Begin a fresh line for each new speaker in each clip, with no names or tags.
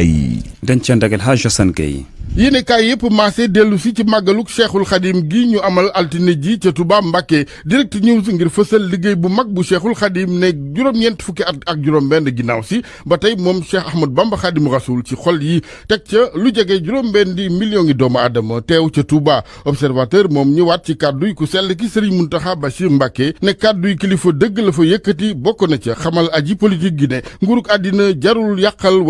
yéenekaay yi. dencante ak El Hadj Assane Gueye. yéenekaay yëpp maase dellu si ci màggaluk cheikhul xadim gi ñu amal altine ji ca Touba Mbacké direct news ngir fësal liggéey bu mag bu cheikhul xadim ne juróom-ñeent fukki at ak juróom-benn ginnaaw si ba tey moom cheikh Ahmad Bamba xadim rasul ci xol yi teg ca lu jege juróom mbenn di millions ngi doomu aadama teew ca Touba observateur moom ñëwaat ci kàdduy ku sell ki Serigne Mountakha Bachir Mbacké ne kàdduy kilifa dëgg la fa yëkkati bokk na ca xamal aji politique gi ne nguuruk àddina jarul yàqal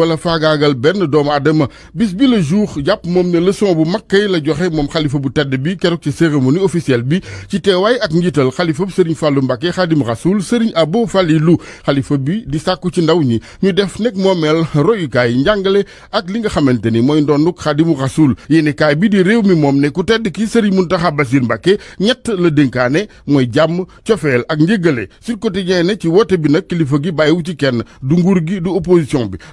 benn doomu aadama bis bi le jour jàpp moom ne leçon bu mag kay la joxe moom xalifa bu tedd bi keroog ci cérémonie officielle bi ci teewaay ak njiital xalifa bu Serigne Fallou Mbacké Khadim Rasoul Serigne Abo Falilou xalifa bi di sàkku ci ndaw ñi ñu def nekk moomeel royukaay njàngale ak li nga xamante ni mooy ndonduk Khadimu Rasoul yéenekaay bi di réew mi moom ne ku tedd ki Serigne Mountakha Bassirou Mbacké ñett la dénkaane mooy jàmm cofeel ak njëggale Sud Quotidien ne ci woote bi nag kilifa gi bàyyiwu ci kenn du gi du bi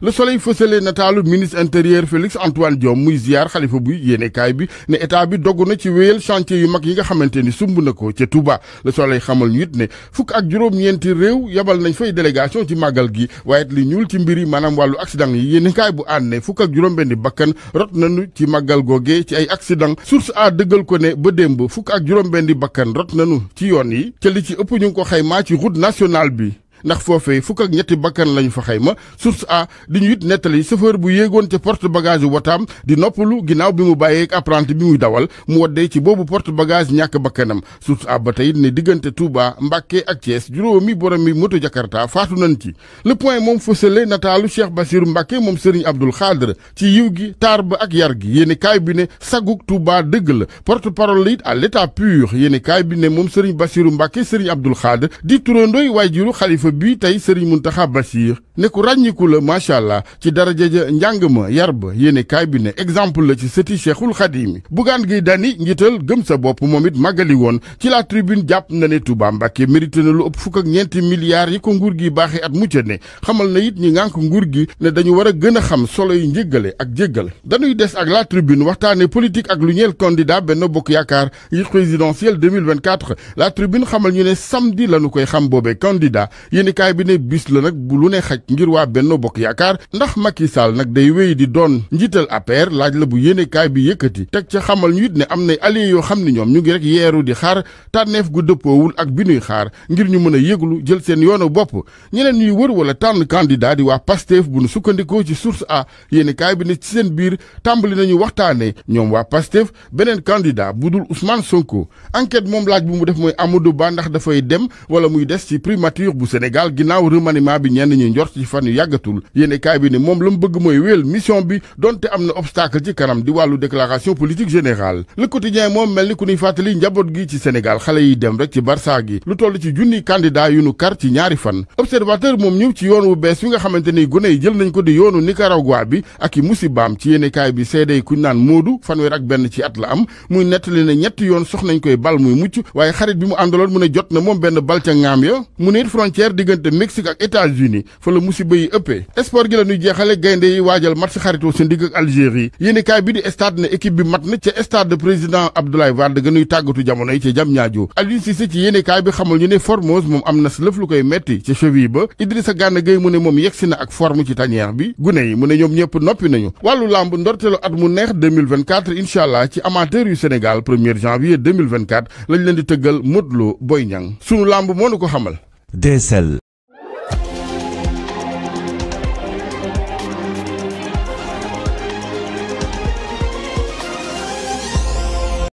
naalu ministre intérieur Félix Antoine Diome muy ziar xalifa bu yéenekaay bi ne état bi dogg na ci wéyal chantier yu mag yi nga xamante ni sumb na ko ca Touba Le Soleil xamal ñu it ne fukk ak juróom-ñeenti réew yabal nañ fay délégation ci màggal gi waaye li ñuul ci mbir yi maanaam wàllu accident yi yéenekaay bu ànd ne fukk ak juróom-benni bakkan rot nañu ci màggal googee ci ay accident source a dëggal ko ne ba démb fukk ak juróom-benni bakkan rot nañu ci yoon yi ca li ci ëpp ñu ngi ko xaymaa ci route nationale bi ndax foofee fukk ak ñetti bakkan lañu fa xayma source a di ñu it nettali chauffeur bu yéegoon ca porte bagage wataam di noppalu ginnaaw bi mu bàyyeeg apprenti bi muy dawal mu waddee ci boobu porte bagage ñàkk bakkanam source a ba tey ne diggante Touba Mbàkke ak Thiès juróomi boromi moto Jakarta faatu nañ ci le point moom fësale nataalu Cheikh Bassirou Mbàkke moom Serigne Abdoul Khadre ci yiw gi taar ba ak yar gi yéeni kaay bi ne saguk Touba dëgg la porte la it à l'état kaay bi ne moom Serigne Bassirou Mbàkke Serigne Abdoul Khadre di turandooy waajuru xalifa bii tey Serigne Mountakha Bassir ne ku ràññiku la macha allah ci daraja ja njàng ma yar ba yéene kaay bi ne exemple la ci sëti Cheikhul Xadim Bougane Gueye Dany njiital gëm sa bopp moom it maggali woon ci la tribune jàpp na ne Touba Mbacké mérité na lu ëpp fukk ak ñeenti milliards yi ko nguur gi baaxee at mucca ne xamal na it ñi ngànk nguur gi ne dañu war a gën a xam solo yi njëggale ak jéggal dañuy des ak la tribune waxtaane politique ak lu ñeel candidat Benno Bokk Yaakaar yi présidentielle 2024 la tribune xamal ñu ne samedi lañu koy xam boobee candidat yéenikaay bi ne biis la nag bu lu ne xaj ngir waa Benno Bokk Yaakaar ndax Macky Sall nag day wéy di doon njiital APR laaj la bu yéenikaay bi yëkkati teg ca xamal ñu it ne am na alliés yoo xam ne ñoom ñu ngi rek yeeru di xaar tànneef gu dëppoowul ak bi nuy xaar ngir ñu mën a yëglu jël seen yoonu bopp ñeneen ñuy wër wala tànn candidat di waa Pastef bu nu sukkandikoo ci source a yéenikaay bi ne ci seen biir tàmbali nañu waxtaane ñoom waa Pastef beneen candidat bu dul Ousmane Sonko moom laaj bu mu def mooy Amadou Ba dafay dem wala muy des ci primature bu Sénégal Sénégal ginnaaw remaniement bi ñenn ñi njort ci fan yu yàggatul yéene kaay bi ne moom la mu bëgg mooy wéel mission bi donte am na obstacle ci kanam di wàllu déclaration politique générale le quotidien moom mel ni ku ñuy fàttali njaboot gi ci Sénégal xale yi dem rek ci Barça gi lu toll ci junni candidat yu nu kar ci ñaari fan observateur moom ñëw ci yoon wu bees wi nga xamante ni gone yi jël nañ ko di yoonu Nicaragua bi ak i musibaam ci yéene kaay bi seedey kuñ naan Moodu fanweer ak benn ci at la muy nettali ne ñetti yoon sox nañ koy bal muy mucc waaye xarit bi mu àndaloon mu ne jot na moom benn bal ca ngaam diggante Mexique ak États-Unis fa la musiba yi ëppee sport gi la ñuy jeexale gaynde yi waajal match xaritoo seen digg ak Algérie yéenekaay bi di stade ne équipe bi mat na ca stade président Abdoulaye Wade gënuy tàggatu jamono yi ca Diamniadio Aliou Cissé ci yéenekaay bi xamal ñu ne Formose moom am na lëf lu koy metti ca cheville ba Idrissa Gana Gueye mu ne moom yegsi na ak forme ci tanière bi gune yi mu ne ñoom ñëpp noppi nañu wàllu làmb ndorteelu at mu neex 2024 incha allah ci amateur yu Sénégal 1er janvier 2024 lañ leen di tëggal Modou Lo Boy Niang sunu làmb moo nu ko xamal DSL